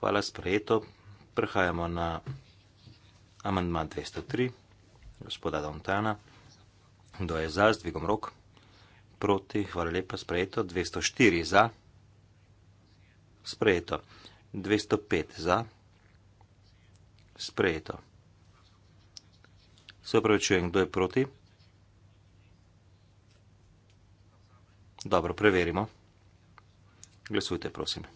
Hvala, sprejeto. Prehajamo na amandma 203 gospoda Dontana. Kdo je za, z dvigom rok? Proti, hvala lepa, sprejeto. 204 za, sprejeto. 205 za, sprejeto. Se upravičujem, kdo je proti? Dobro, preverimo. Glasujte, prosim.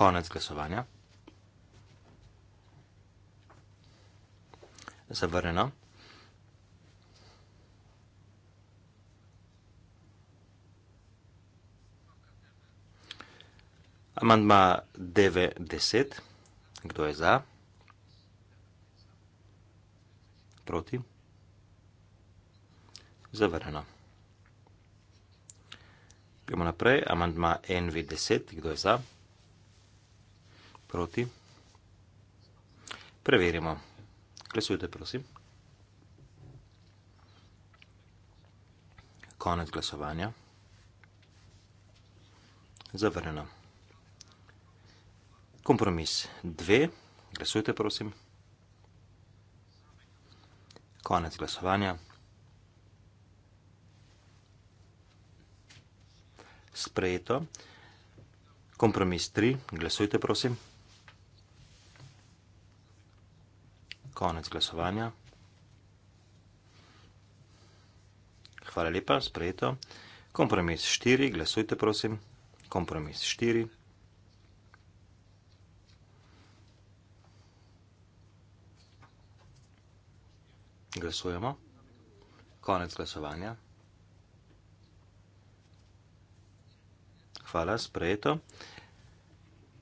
konec glasovanja. Zavrnjeno. Amandma 90. Kdo je za? Proti? Zavrnjeno. Gremo naprej. Amandma NV10. Kdo je za? Proti? Proti. Preverimo. Glasujte, prosim. Konec glasovanja. Zavrnjeno. Kompromis 2. Glasujte, prosim. Konec glasovanja. Sprejeto. Kompromis 3. Glasujte, prosim. konec glasovanja. Hvala lepa, sprejeto. Kompromis 4, glasujte prosim. Kompromis 4. Glasujemo. Konec glasovanja. Hvala, sprejeto.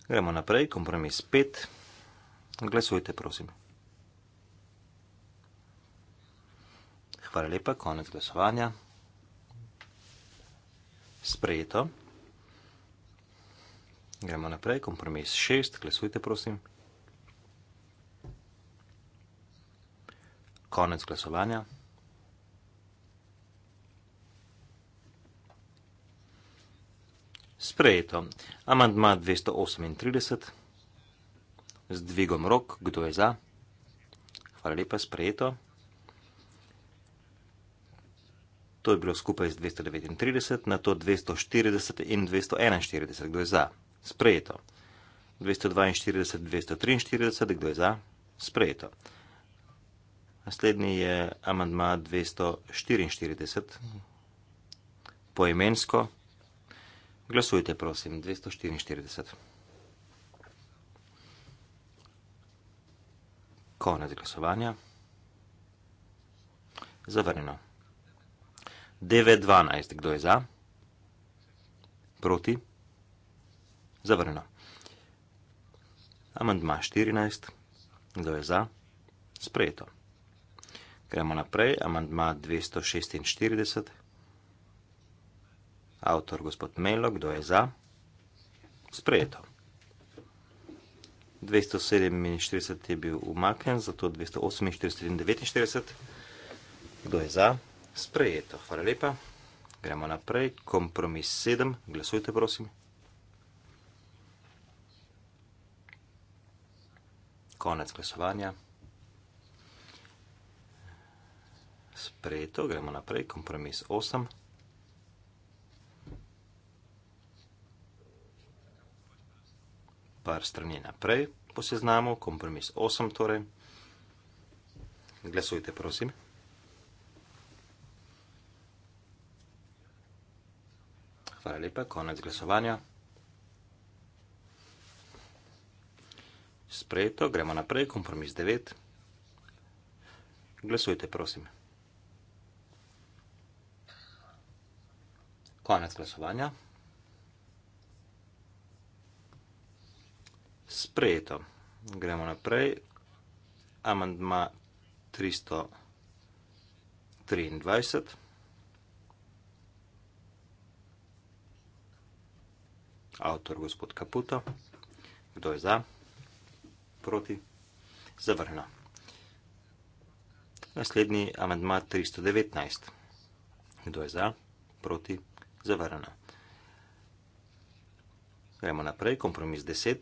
Gremo naprej, kompromis 5. Glasujte prosim. Hvala lepa, konec glasovanja. Sprejeto. Gremo naprej, kompromis 6, glasujte prosim. Konec glasovanja. Sprejeto. Amandma 238. Z dvigom rok, kdo je za? Hvala lepa, sprejeto. to je bilo skupaj z 239, na to 240 in 241, kdo je za, sprejeto. 242, 243, kdo je za, sprejeto. Naslednji je amandma 244, poimensko. Glasujte, prosim, 244. Konec glasovanja. Zavrnjeno. 9.12. Kdo je za? Proti? Zavrno. Amandma 14. Kdo je za? Sprejeto. Gremo naprej. Amandma 246. Avtor gospod Melo, kdo je za? Sprejeto. 247 je bil umaknen, zato 248 in 249. Kdo je za? Sprejeto. Hvala lepa. Gremo naprej. Kompromis 7. Glasujte, prosim. Konec glasovanja. Sprejeto. Gremo naprej. Kompromis 8. Par strani naprej po seznamu. Kompromis 8 torej. Glasujte, prosim. Hvala lepa, konec glasovanja. Sprejeto, gremo naprej, kompromis 9. Glasujte, prosim. Konec glasovanja. Sprejeto, gremo naprej. Amandma 323. avtor gospod Kaputo. Kdo je za? Proti? Zavrno. Naslednji amandma 319. Kdo je za? Proti? Zavrno. Gremo naprej, kompromis 10.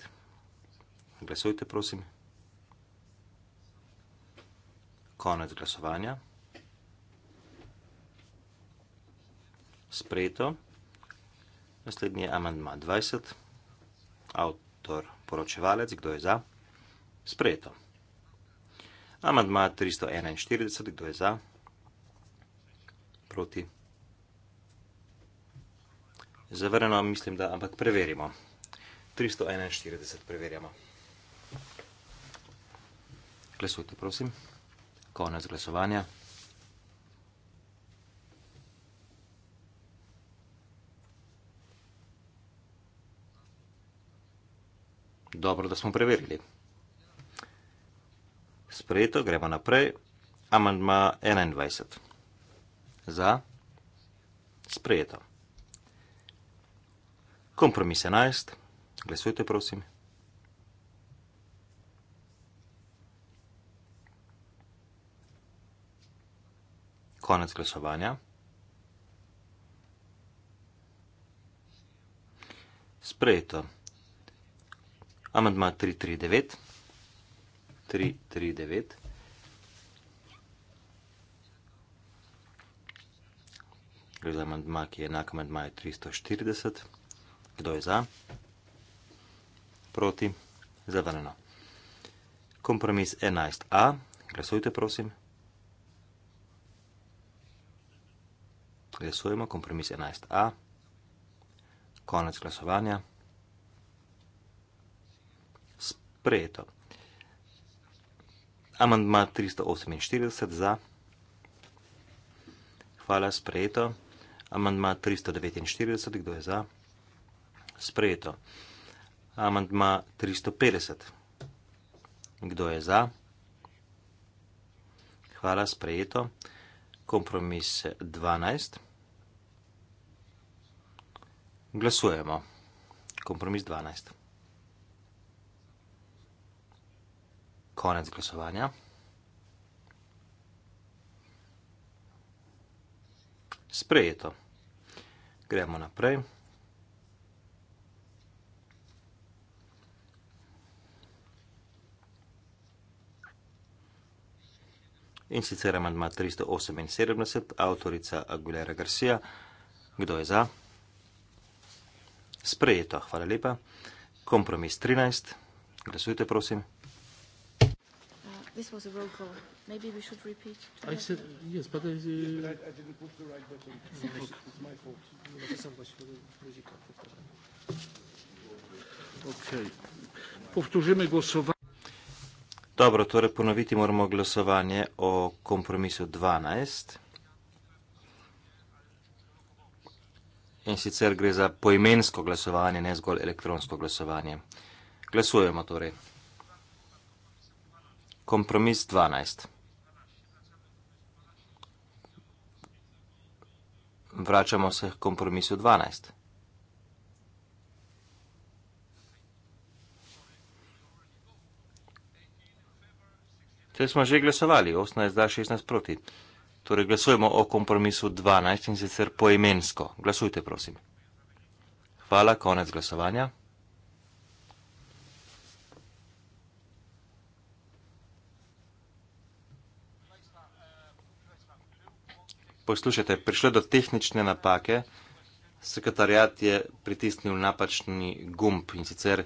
Glasujte, prosim. Konec glasovanja. Sprejeto. Naslednji je amandma 20, avtor poročevalec, kdo je za? Sprejeto. Amandma 341, kdo je za? Proti. Zavrneno mislim, da ampak preverimo. 341 preverjamo. Glasujte, prosim. Konec glasovanja. Dobro, da smo preverili. Sprejeto, gremo naprej. Amandma 21. Za. Sprejeto. Kompromis 11. Glesujte, prosim. Konec glasovanja. Sprejeto. Sprejeto. Amandma 339. 339. Gre za amandma, ki je enak amandmaju 340. Kdo je za? Proti? Zavrnjeno. Kompromis 11a. Glasujte, prosim. Glasujemo, kompromis 11a. Konec glasovanja. sprejeto. Amandma 348 za. Hvala, sprejeto. Amandma 349, kdo je za? Sprejeto. Amandma 350, kdo je za? Hvala, sprejeto. Kompromis 12. Glasujemo. Kompromis 12. konec glasovanja. Sprejeto. Gremo naprej. In sicer amandma 378, avtorica Aguilera Garcia. Kdo je za? Sprejeto, hvala lepa. Kompromis 13. Glasujte, prosim. This was a roll call. Maybe we should repeat. I said, it. yes, but, uh, yeah, but I, I didn't push the right button. it's my fault. okay. Powtórzymy głosowanie. Dobro, torej ponoviti moramo glasovanje o kompromisu 12. In sicer gre za poimensko glasovanje, ne zgolj elektronsko glasovanje. Glasujemo torej kompromis 12. Vračamo se k kompromisu 12. Te smo že glasovali, 18 da 16 proti. Torej glasujemo o kompromisu 12 in sicer poimensko. Glasujte, prosim. Hvala, konec glasovanja. Poslušajte, prišlo je do tehnične napake. Sekretarjat je pritisnil napačni gumb in sicer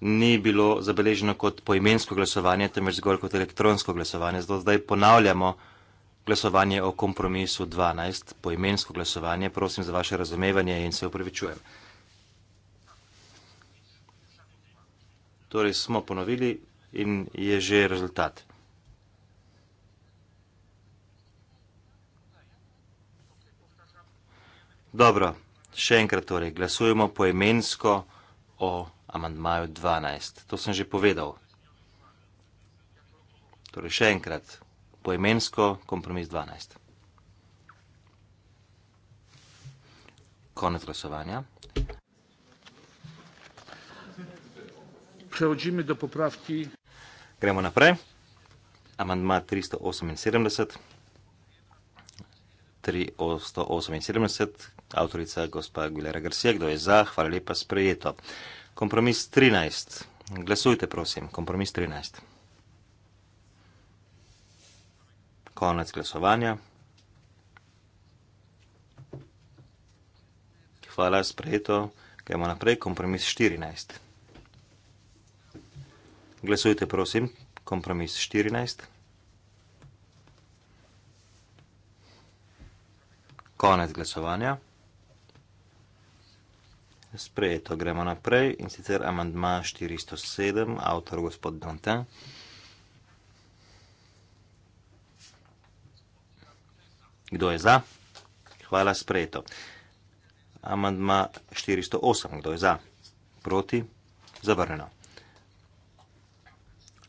ni bilo zabeleženo kot poimensko glasovanje, temveč zgolj kot elektronsko glasovanje. Zato zdaj ponavljamo glasovanje o kompromisu 12, poimensko glasovanje. Prosim za vaše razumevanje in se upravičujem. Torej smo ponovili in je že rezultat. Dobro, še enkrat torej, glasujemo poemensko o amandmaju 12. To sem že povedal. Torej, še enkrat, poemensko kompromis 12. Konec glasovanja. Preoči mi do popravki. Gremo naprej. Amandma 378. 178, avtorica gospa Gulera Garcia, kdo je za, hvala lepa, sprejeto. Kompromis 13. Glasujte, prosim. Kompromis 13. Konec glasovanja. Hvala, sprejeto. Gremo naprej. Kompromis 14. Glasujte, prosim. Kompromis 14. Konec glasovanja. Sprejeto gremo naprej in sicer amandma 407, avtor gospod Dante. Kdo je za? Hvala, sprejeto. Amandma 408, kdo je za? Proti? Zavrneno.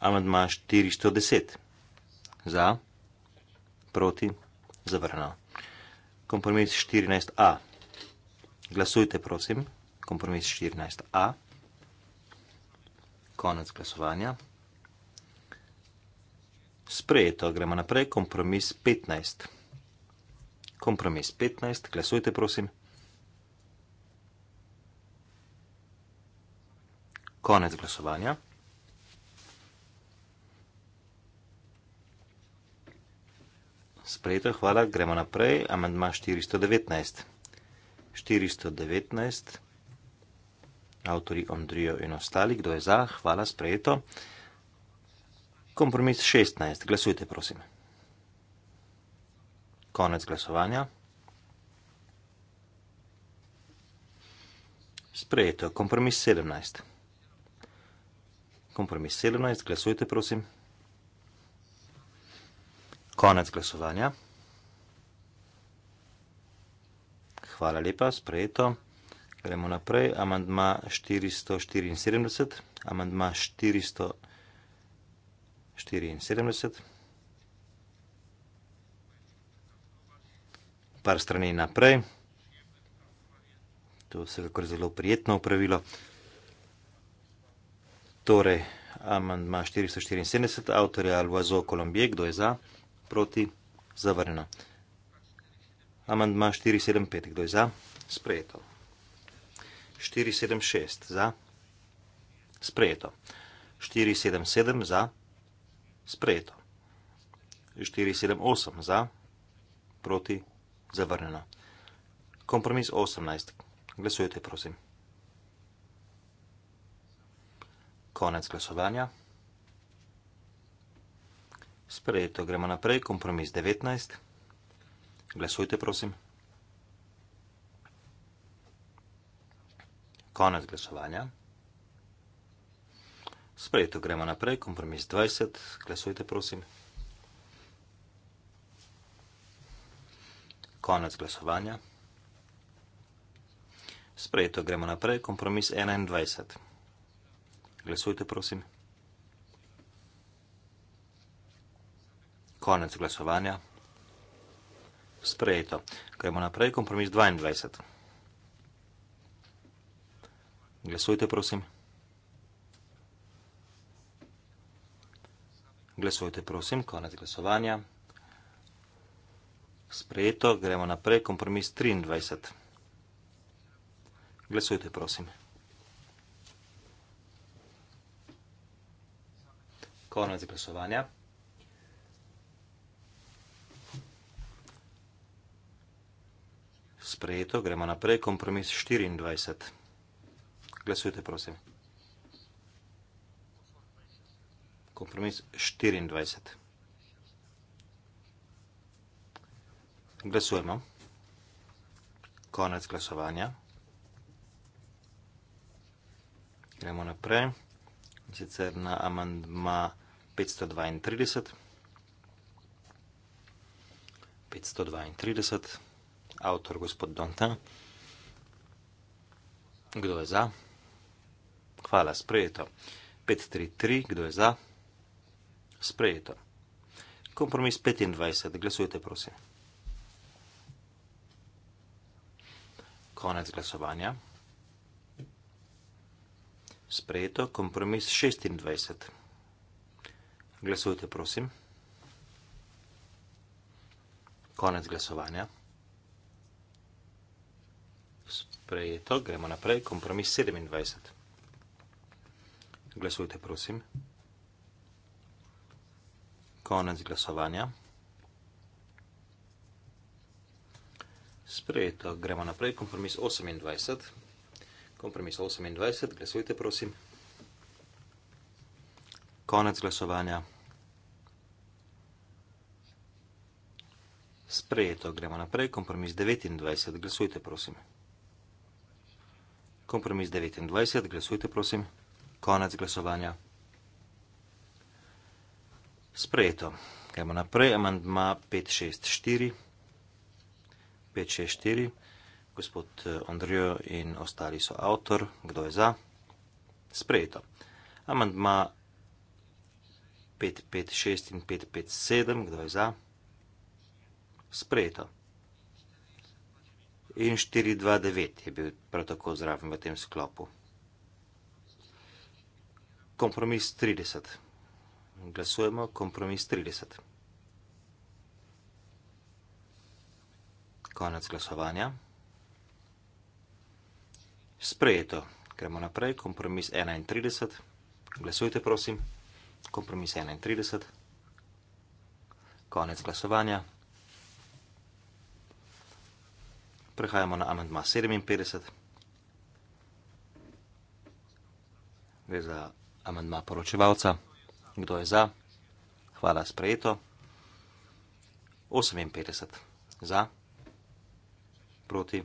Amandma 410, za? Proti? Zavrneno kompromis 14a. Glasujte, prosim, kompromis 14a. Konec glasovanja. Sprejeto, gremo naprej, kompromis 15. Kompromis 15, glasujte, prosim. Konec glasovanja. Sprejeto, hvala. Gremo naprej. Amandma 419. 419. Avtori Ondrijo in ostali, kdo je za, hvala, sprejeto. Kompromis 16. Glasujte, prosim. Konec glasovanja. Sprejeto. Kompromis 17. Kompromis 17. Glasujte, prosim. Konec glasovanja. Hvala lepa, sprejeto. Gremo naprej. Amandma 474, amandma 474. Par strani naprej. To je vsekakor zelo prijetno upravilo. Torej, amandma 474, avtorja Alvazo Kolombije, kdo je za? proti zavrnjeno. Amandma 475, kdo je za? Sprejeto. 476 za? Sprejeto. 477 za? Sprejeto. 478 za? Proti zavrnjeno. Kompromis 18. Glasujte, prosim. Konec glasovanja. Sprejeto, gremo naprej, kompromis 19. Glasujte, prosim. Konec glasovanja. Sprejeto, gremo naprej, kompromis 20. Glasujte, prosim. Konec glasovanja. Sprejeto, gremo naprej, kompromis 21. Glasujte, prosim. konec glasovanja. Sprejeto. Gremo naprej, kompromis 22. Glasujte, prosim. Glasujte, prosim, konec glasovanja. Sprejeto, gremo naprej, kompromis 23. Glasujte, prosim. Konec glasovanja. sprejeto, gremo naprej, kompromis 24. Glasujte, prosim. Kompromis 24. Glasujemo. Konec glasovanja. Gremo naprej, in sicer na amandma 532. 532 avtor gospod Dantin. Kdo je za? Hvala, sprejeto. 533, kdo je za? Sprejeto. Kompromis 25, glasujte, prosim. Konec glasovanja. Sprejeto, kompromis 26. Glasujte, prosim. Konec glasovanja sprejeto. Gremo naprej. Kompromis 27. Glasujte, prosim. Konec glasovanja. Sprejeto. Gremo naprej. Kompromis 28. Kompromis 28. Glasujte, prosim. Konec glasovanja. Sprejeto. Gremo naprej. Kompromis 29. Glasujte, prosim kompromis 29, glasujte prosim. Konec glasovanja. Sprejeto. Gremo naprej, amandma 564. 564. Gospod eh, Andrijo in ostali so avtor. Kdo je za? Sprejeto. Amandma 556 in 557. Kdo je za? Sprejeto in 4-2-9 je bil prav tako zraven v tem sklopu. Kompromis 30. Glasujemo kompromis 30. Konec glasovanja. Sprejeto. Gremo naprej. Kompromis 31. Glasujte, prosim. Kompromis 31. Konec glasovanja. Prehajamo na amendma 57. Gre za amendma poročevalca. Kdo je za? Hvala, sprejeto. 58 za, proti.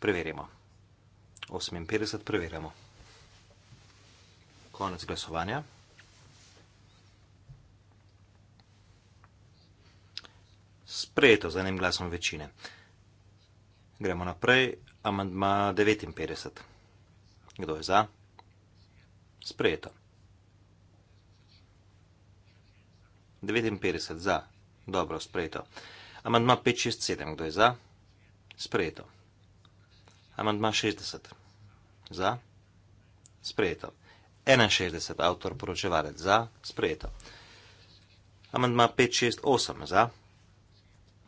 Preverimo. 58 preverjamo. Konec glasovanja. Sprejeto z enim glasom večine. Gremo naprej, amandma 59. Kdo je za? Sprejeto. 59 za, dobro, sprejeto. Amandma 567, kdo je za? Sprejeto. Amandma 60, za? Sprejeto. 61, avtor poročevalec, za? Sprejeto. Amandma 568, za?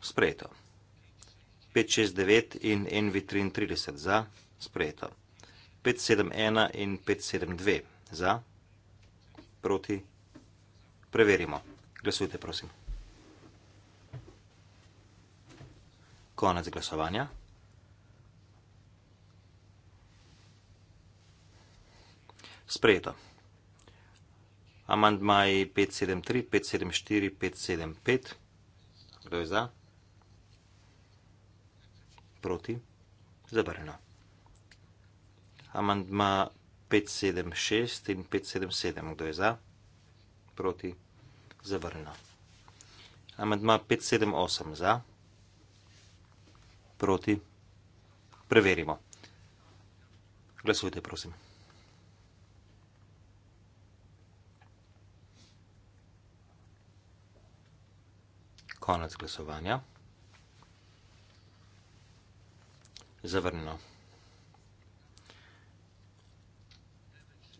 Sprejeto. 569 in NV33 za, sprejeto. 571 in 572 za, proti, preverimo. Glasujte, prosim. Konec glasovanja. Sprejeto. Amandmaji 573, 574, 575. Kdo je za? proti, zavrnjeno. Amandma 576 in 577, kdo je za, proti, zavrnjeno. Amandma 578 za, proti, preverimo. Glasujte, prosim. Konec glasovanja. zavrnilo.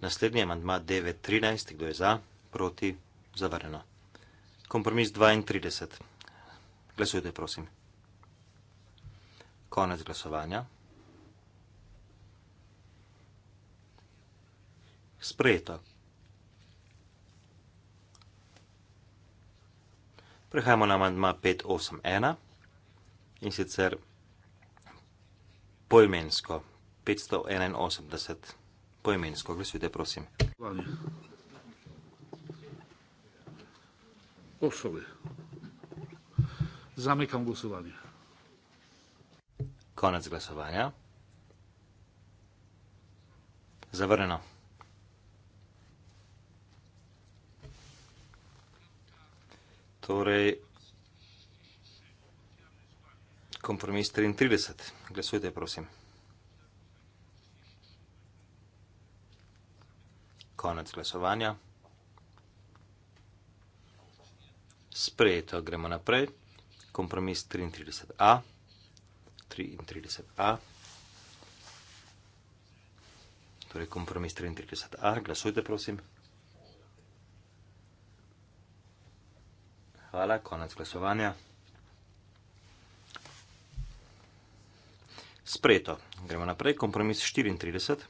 Naslednji je mandma 9.13, kdo je za, proti, zavrnilo. Kompromis 32. Glasujte, prosim. Konec glasovanja. Sprejeto. Prehajamo na mandma 5.8.1 in sicer poimensko, 581, poimensko, glasujte, prosim. Vanje. Osobe. Zamekam glasovanje. Konec glasovanja. Zavrneno. Torej, kompromis 33. Glasujte, prosim. Konec glasovanja. Sprejeto, gremo naprej. Kompromis 33a. 33a. Torej, kompromis 33a. Glasujte, prosim. Hvala, konec glasovanja. Sprejeto. Gremo naprej. Kompromis 34.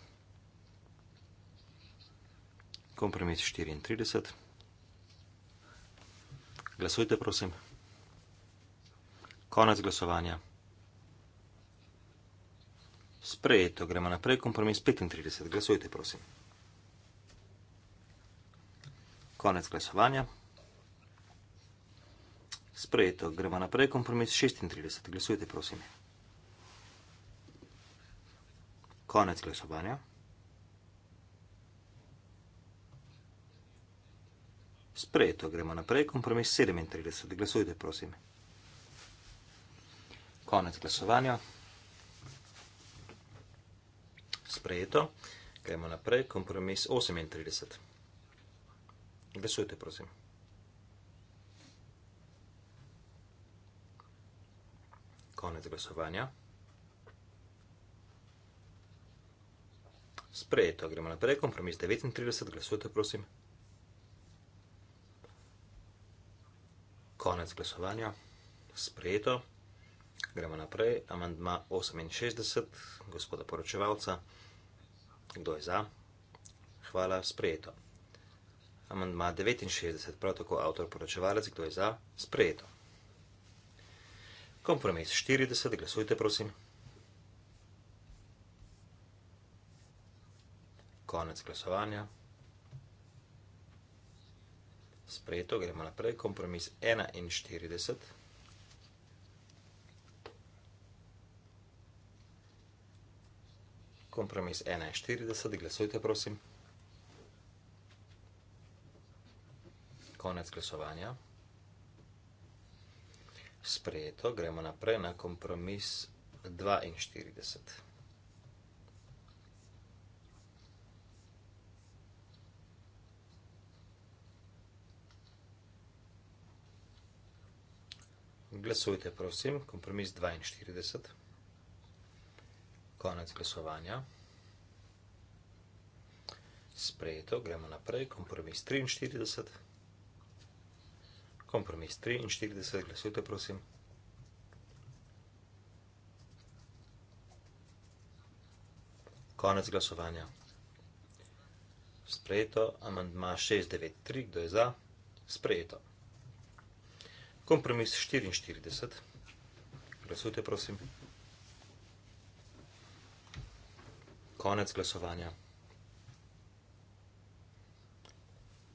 Kompromis 34. Glasujte, prosim. Konec glasovanja. Sprejeto. Gremo naprej. Kompromis 35. Glasujte, prosim. Konec glasovanja. Sprejeto. Gremo naprej. Kompromis 36. Glasujte, prosim konec glasovanja. Sprejeto, gremo naprej, kompromis 37. Glasujte, prosim. Konec glasovanja. Sprejeto, gremo naprej, kompromis 38. Glasujte, prosim. Konec glasovanja. sprejeto. Gremo naprej, kompromis 39, glasujte, prosim. Konec glasovanja, sprejeto. Gremo naprej, amandma 68, gospoda poročevalca. Kdo je za? Hvala, sprejeto. Amandma 69, prav tako avtor poročevalec, kdo je za? Sprejeto. Kompromis 40, glasujte, prosim. konec glasovanja. Sprejeto, gremo naprej. Kompromis 41. Kompromis 41, glasujte prosim. Konec glasovanja. Sprejeto, gremo naprej na kompromis 42. Kompromis 42. Glasujte, prosim, kompromis 42, konec glasovanja. Sprejeto, gremo naprej, kompromis 43, kompromis 43, glasujte, prosim. Konec glasovanja. Sprejeto, amandma 693, kdo je za? Sprejeto. Kompromis 44. Glasujte, prosim. Konec glasovanja.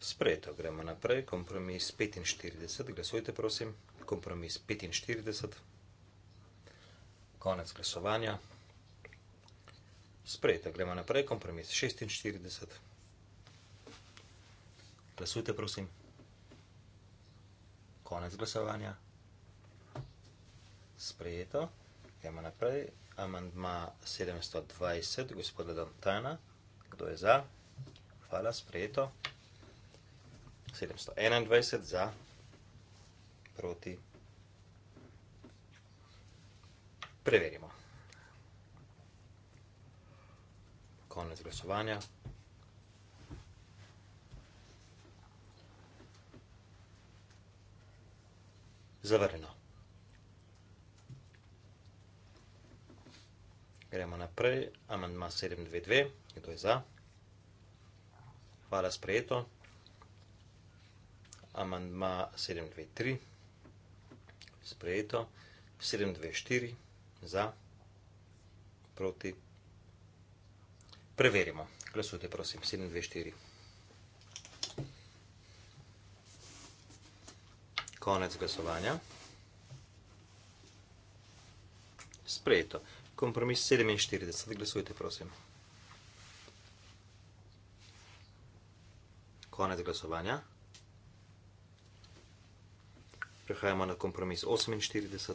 Sprejeto, gremo naprej. Kompromis 45. Glasujte, prosim. Kompromis 45. Konec glasovanja. Sprejeto, gremo naprej. Kompromis 46. Glasujte, prosim konec glasovanja. Sprejeto. Gremo naprej. Amandma 720, gospoda Dantana. Kdo je za? Hvala, sprejeto. 721 za, proti. Preverimo. Konec glasovanja. zavrnjeno. Gremo naprej, amandma 722, kdo je za? Hvala, sprejeto. Amandma 723, sprejeto. 724, za, proti. Preverimo. Glasujte, prosim, 724. konec glasovanja. Sprejeto. Kompromis 47. Glasujte, prosim. Konec glasovanja. Prehajamo na kompromis 48.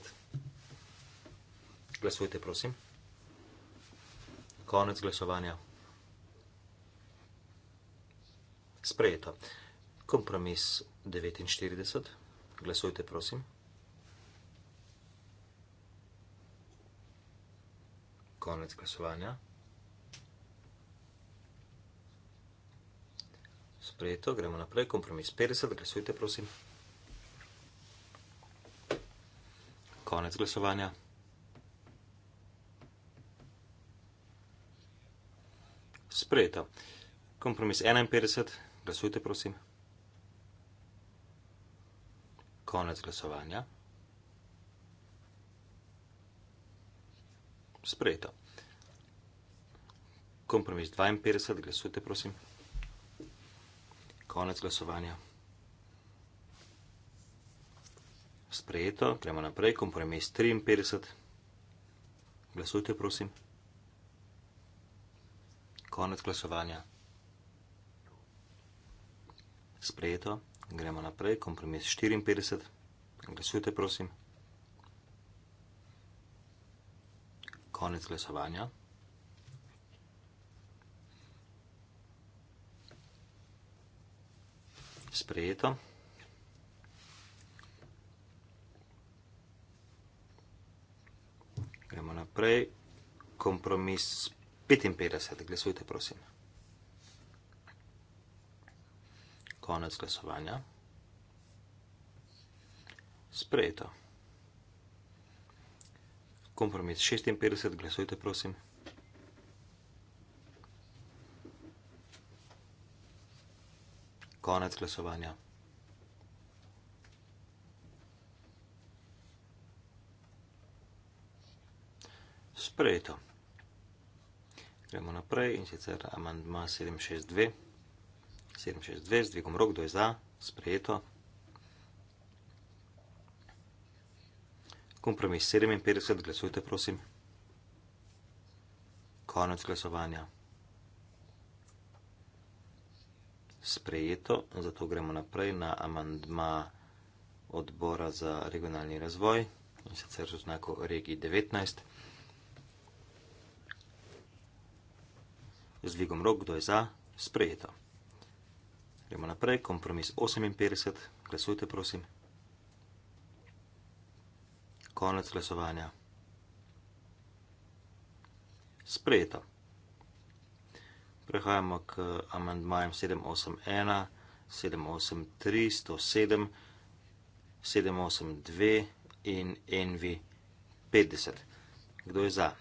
Glasujte, prosim. Konec glasovanja. Sprejeto. Kompromis 49. Glasujte, prosim. Konec glasovanja. Sprejeto, gremo naprej. Kompromis 50, glasujte, prosim. Konec glasovanja. Sprejeto. Kompromis 51, glasujte, prosim konec glasovanja. Sprejeto. Kompromis 52, glasujte, prosim. Konec glasovanja. Sprejeto, gremo naprej. Kompromis 53, glasujte, prosim. Konec glasovanja. Sprejeto. Gremo naprej, kompromis 54. Glasujte, prosim. Konec glasovanja. Sprejeto. Gremo naprej, kompromis 55. Glasujte, prosim. Konec glasovanja. Sprejeto. Kompromis 56, glasujte prosim. Konec glasovanja. Sprejeto. Gremo naprej in sicer amandma 762. 762, dvigom rok, kdo je za, sprejeto. Kompromis 57, glasujte prosim. Konec glasovanja. Sprejeto, zato gremo naprej na amandma odbora za regionalni razvoj, in sicer z oznako regiji 19. Z dvigom rok, kdo je za, sprejeto. Gremo naprej, kompromis 58, glasujte prosim. Konec glasovanja. Sprejeto. Prehajamo k amandmajem 781, 783, 107, 782 in NV 50. Kdo je za?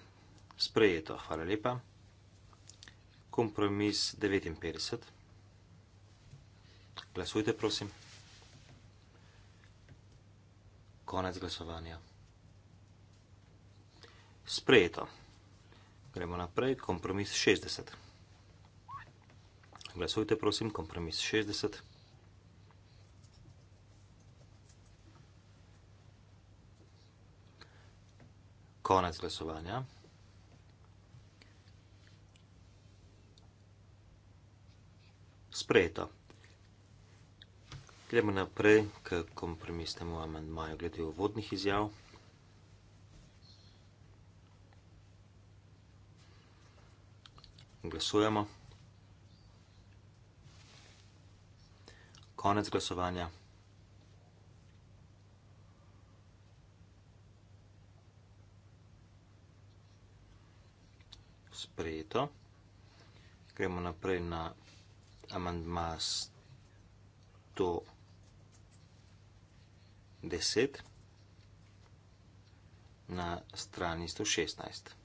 Sprejeto. Hvala lepa. Kompromis 59. Glasujte, prosim. Konec glasovanja. Sprejeto. Gremo naprej. Kompromis 60. Glasujte, prosim. Kompromis 60. Konec glasovanja. Sprejeto. Gremo naprej k kompromisnemu amandmaju glede uvodnih izjav. Glasujemo. Konec glasovanja. Sprejeto. Gremo naprej na amandma 100. 10 na strani 116.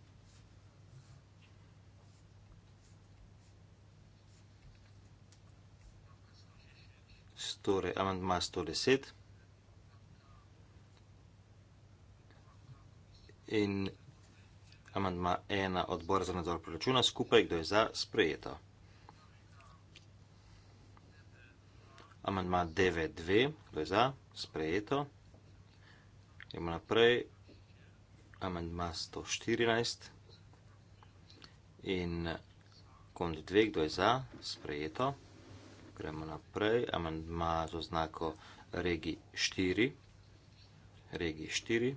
Torej, amandma 110 in amandma 1 odbor za nadzor proračuna skupaj, kdo je za, sprejeto. Amandma 9.2, to je za, sprejeto. Gremo naprej. Amandma 114 in kond 2, kdo je za, sprejeto. Gremo naprej. Amandma z oznako regi 4. Regi 4.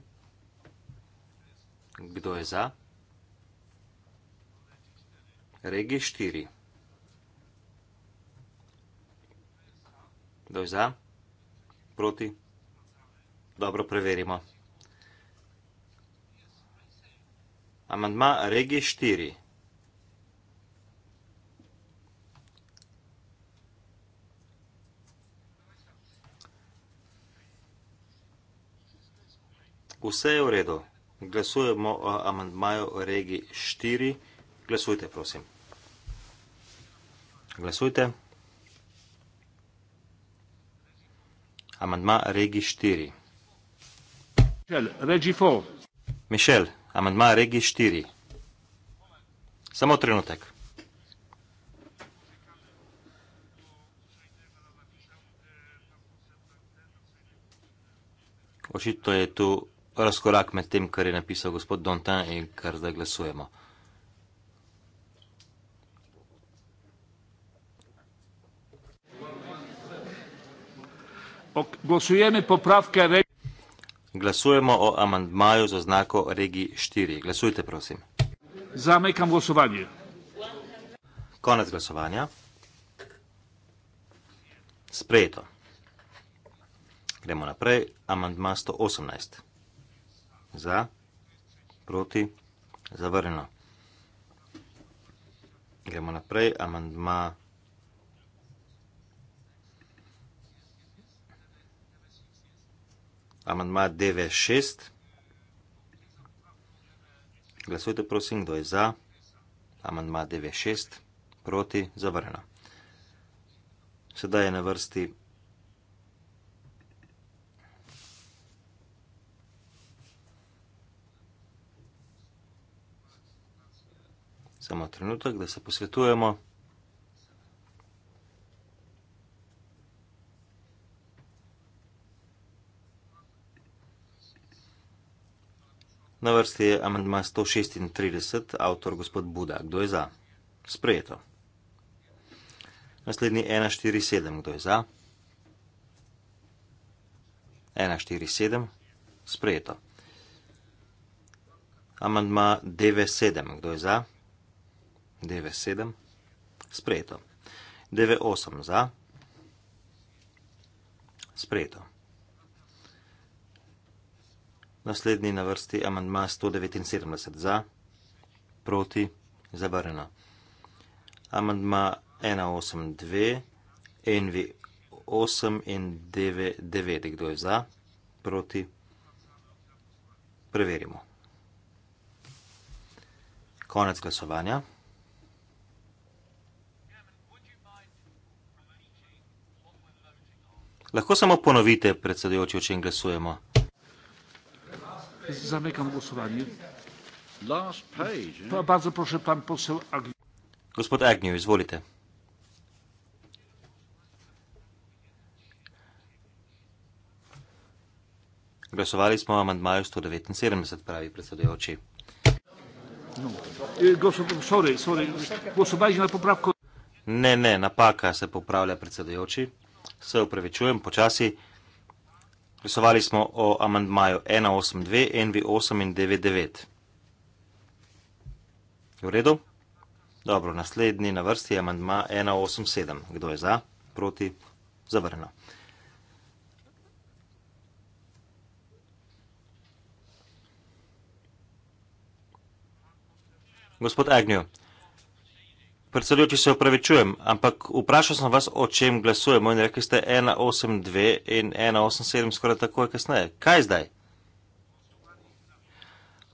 Kdo je za? Regi 4. Kdo je za? Proti? Dobro, preverimo. Amandma regi 4. Vse je v redu. Glasujemo o amandmaju regi 4. Glasujte, prosim. Glasujte. amandma regi 4. Michel, regi 4. Michel, amandma regi 4. Samo trenutek. Očitno je tu razkorak med tem, kar je napisal gospod Dontan in kar zdaj glasujemo. Glasujemy poprawkę Głosujemy o amandmaju z oznaką regi 4. Głosujcie prosim. Zamykam głosowanie. Koniec głosowania. Sprejeto. Gremo naprej. Amandma 118. Za. Proti. Zavrnjeno. Gremo naprej. Amandma amandma DV6. Glasujte, prosim, kdo je za. Amandma DV6, proti, zavrnjeno. Sedaj je na vrsti Samo trenutek, da se posvetujemo. Na vrsti je amantma 136, avtor gospod Buda. Kdo je za? Sprejeto. Naslednji 147. Kdo je za? 147. Sprejeto. Amantma 97. Kdo je za? 97. Sprejeto. 98 za. Sprejeto. Naslednji na vrsti amandma 179 za, proti, zavrnjeno. Amandma 182, NV 8 in 99, kdo je za, proti, preverimo. Konec glasovanja. Lahko samo ponovite, predsedujoči, o čem glasujemo. Zamykam głosowanie. Pa, eh? bardzo proszę, pan poseł Agnew. Gospod Agnew, zwolite. Glasovali smo o amandmaju 179, pravi predsedujoči. No. E, ne, ne, napaka se popravlja predsedujoči. Se upravičujem, počasi. Glasovali smo o amandmaju 182, NV 899. V redu? Dobro, naslednji na vrsti je amandma 187. Kdo je za? Proti? Zavrno. Gospod Agnew, Predsedujoči se upravičujem, ampak vprašal sem vas, o čem glasujemo in rekli ste 182 in 187 skoraj takoj kasneje. Kaj zdaj?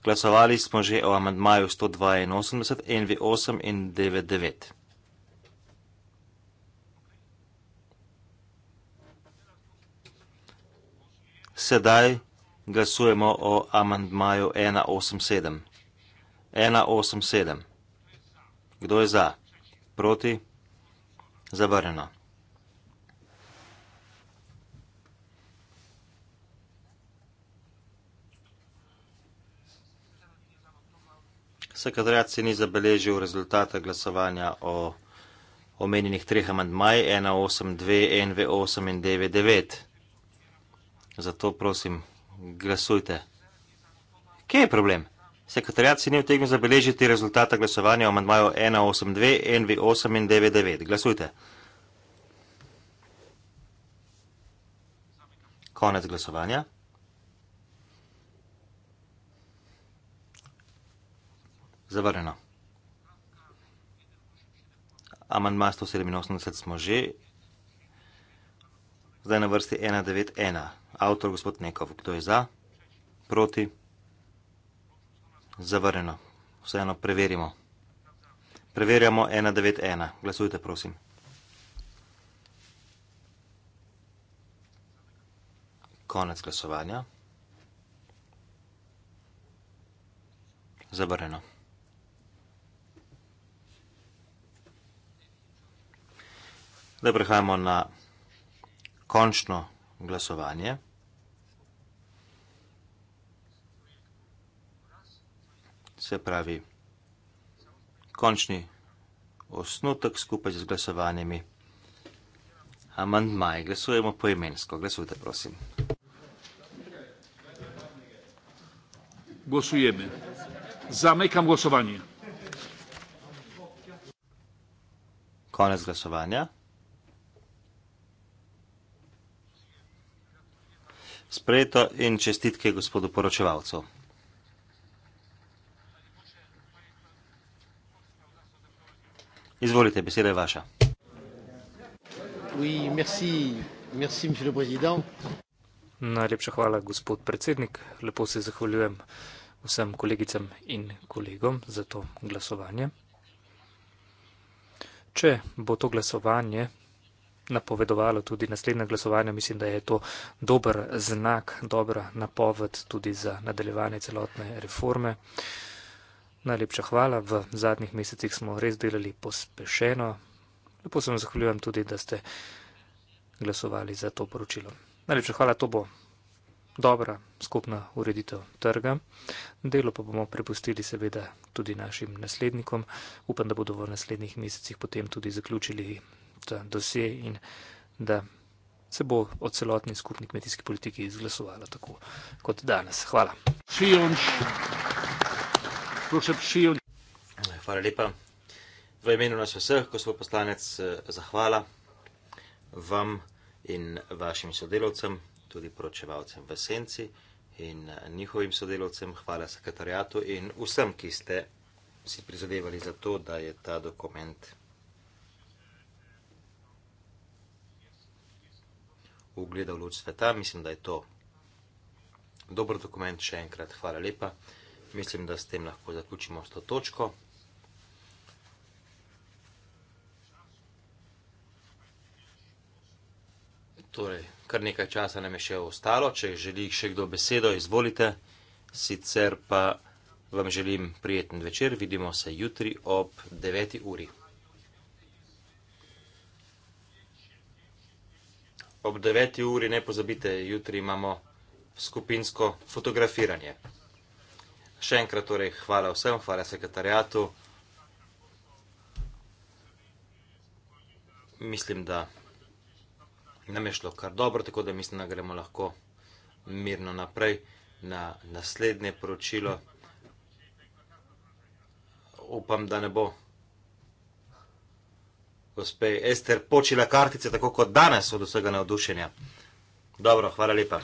Glasovali smo že o amandmaju 182, NV8 in 99. Sedaj glasujemo o amandmaju 187. 187. Kdo je za? proti, zavrnjeno. Sekretariat se ni zabeležil rezultata glasovanja o omenjenih treh amandmaj 182, NV8 in 99. Zato prosim, glasujte. Kje je problem? Sekretariat se ni vtegnil zabeležiti rezultata glasovanja o amandmaju 182, NV8 in 99. Glasujte. Konec glasovanja. Zavrnjeno. Amandma 187 smo že. Zdaj na vrsti 191. Avtor gospod Nekov, kdo je za? Proti? zavrnjeno. Vseeno preverimo. Preverjamo 1.9.1. Glasujte, prosim. Konec glasovanja. Zavrnjeno. Zdaj prehajamo na končno glasovanje. se pravi končni osnutek skupaj z glasovanjimi amandmaji. Glasujemo poimensko. Glasujte, prosim. Glasujeme. Zamekam glasovanje. Konec glasovanja. Sprejeto in čestitke gospodu poročevalcu. Izvolite, beseda je vaša. Oui, merci. Merci, Najlepša hvala, gospod predsednik. Lepo se zahvaljujem vsem kolegicam in kolegom za to glasovanje. Če bo to glasovanje napovedovalo tudi naslednje glasovanje, mislim, da je to dober znak, dobra napoved tudi za nadaljevanje celotne reforme. Uh, Najlepša hvala, v zadnjih mesecih smo res delali pospešeno. Lepo se vam zahvaljujem tudi, da ste glasovali za to poročilo. Najlepša hvala, to bo dobra skupna ureditev trga. Delo pa bomo prepustili seveda tudi našim naslednikom. Upam, da bodo v naslednjih mesecih potem tudi zaključili ta dosje in da se bo o celotni skupni kmetijski politiki izglasovala tako kot danes. Hvala. Šijonč. Hvala lepa. V imenu nas vseh, ko smo poslanec, eh, zahvala vam in vašim sodelovcem, tudi poročevalcem v Senci in eh, njihovim sodelovcem, hvala sekretarjatu in vsem, ki ste si prizadevali za to, da je ta dokument ugledal luč sveta. Mislim, da je to dober dokument. Še enkrat hvala lepa mislim, da s tem lahko zaključimo s to točko. Torej, kar nekaj časa nam je še ostalo, če želi še kdo besedo, izvolite. Sicer pa vam želim prijeten večer, vidimo se jutri ob 9. uri. Ob 9. uri ne pozabite, jutri imamo skupinsko fotografiranje. Še enkrat torej hvala vsem, hvala sekretarjatu. Mislim, da nam je šlo kar dobro, tako da mislim, da gremo lahko mirno naprej na naslednje poročilo. Upam, da ne bo gospe Ester počila kartice tako kot danes od vsega navdušenja. Dobro, hvala lepa.